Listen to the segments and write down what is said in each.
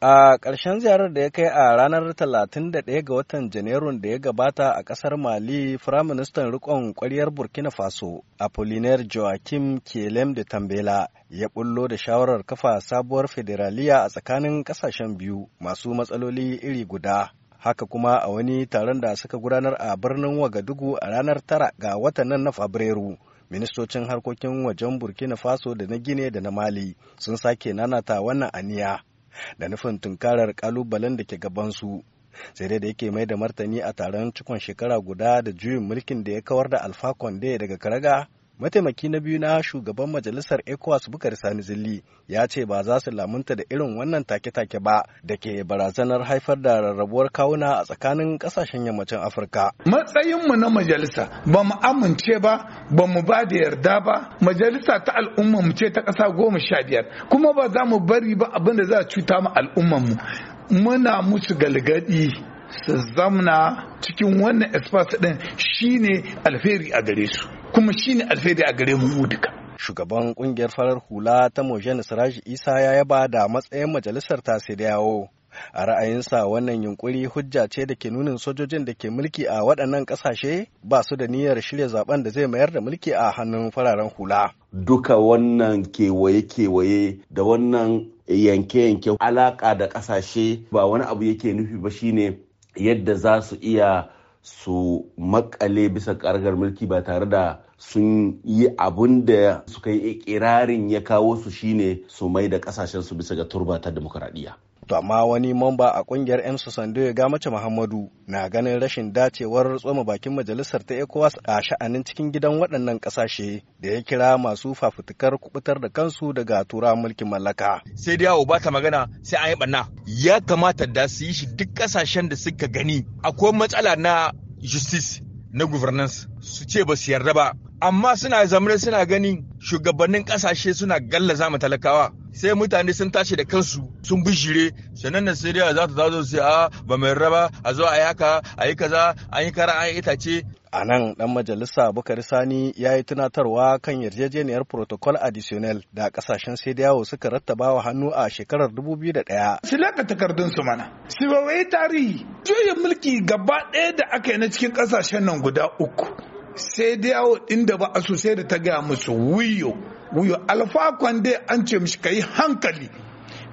A ƙarshen ziyarar da ya kai a ranar 31 ga watan Janairun da ya gabata a ƙasar Mali, Firaministan Rikon ƙwaryar Burkina Faso, Apollinaire Joachim Kelem de Tambela, ya bullo da shawarar kafa sabuwar federaliya a tsakanin ƙasashen biyu masu matsaloli iri guda. Haka kuma a wani taron da suka gudanar a birnin Wagadugu a ranar tara ga watan nan na Fabrairu. Ministocin harkokin wajen Burkina Faso da na Gine da na Mali sun sake nanata wannan aniya. da nufin tunkarar kalubalen da ke gabansu sai dai da yake mai da martani a taron cikon shekara guda da juyin mulkin da ya kawar da alfakon alfa daga karaga mataimaki na biyu na shugaban majalisar ecowas bukar sani zilli ya ce ba za su lamunta da irin wannan take-take ba da ke barazanar haifar da rarrabuwar kawuna a tsakanin kasashen yammacin afirka matsayinmu na majalisa ba mu amince ba ba mu ba da yarda ba majalisa ta al'umma mu ce ta ƙasa goma sha biyar kuma ba za mu bari ba abin da za a cuta mu al'ummanmu muna musu galgadi su zamna cikin wannan espace din shine alheri a gare su kuma shi ne alheri a gare mu duka shugaban ƙungiyar farar hula ta mojani siraji isa ya yaba da matsayin majalisar ta a ra'ayinsa wannan yunkuri hujja ce da ke nunin sojojin da ke mulki a waɗannan ƙasashe ba su da niyyar shirya zaben da zai mayar da mulki a hannun fararen hula duka wannan kewaye-kewaye da wannan yanke-yanke alaƙa da ƙasashe ba wani abu yake nufi ba shine yadda za su iya su makale bisa kargar mulki ba tare da sun yi abun da suka yi ikirarin ya kawo su shine su mai da kasashen su bisa ga turba ta demokradiyya To amma wani mamba a kungiyar 'yan sando ya gamace Muhammadu na ganin rashin dacewar tsoma bakin majalisar ta ECOWAS a sha'anin cikin gidan waɗannan ƙasashe da ya kira masu fafutukar kubutar da kansu daga tura mulkin mallaka. Sai dai yawo bata magana sai an yi ɓanna. Ya kamata da su yi shi duk ƙasashen da suka gani. Akwai matsala na justice na governance su ce ba su yarda ba amma suna zamre suna ganin shugabannin kasashe suna gallaza mu talakawa sai mutane sun tashi da kansu sun bijire sannan na siriya za ta zazo sai a ba mai raba a zo a yi haka a yi kaza an yi kara an yi itace a nan dan majalisa bukari sani ya yi tunatarwa kan yarjejeniyar protocol additional da kasashen sai da yawo suka rattaba wa hannu a shekarar 2001 silaka takardun su mana bawai tarihi juyin mulki gaba ɗaya da aka yi na cikin kasashen nan guda uku sai dai yawo inda ba a sosai da ta gaya musu wuyo wuyo alfakon dai an ce mishi ka yi hankali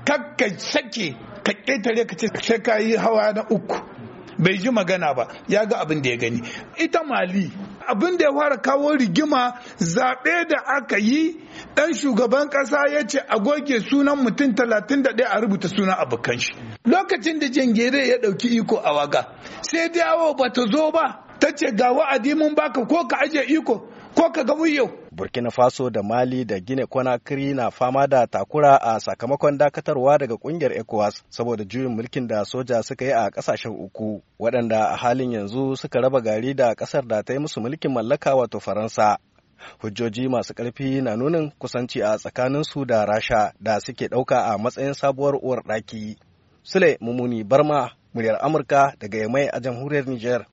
kakka sake ka ƙetare ka ce sai ka yi hawa na uku bai ji magana ba ya ga abin da ya gani ita mali abin da ya fara kawo rigima zaɓe da aka yi ɗan shugaban ƙasa ya ce a goge sunan mutum 31 a rubuta sunan abokan shi lokacin da jangere ya ɗauki iko a waga sai dawo ba ta zo ba ta ce ga wa'adi mun baka ko ka aje iko ko ka ga wuyo burkina faso da mali da gine conakry na fama da takura a sakamakon dakatarwa daga kungiyar ecowas saboda juyin mulkin da soja suka yi a kasashen uku waɗanda a halin yanzu suka raba gari da ƙasar da ta yi musu mulkin mallaka wato faransa hujjoji masu ƙarfi na nunin kusanci a tsakanin su da rasha da suke ɗauka a matsayin sabuwar uwar ɗaki sule mumuni barma muryar amurka daga yamai a jamhuriyar nijar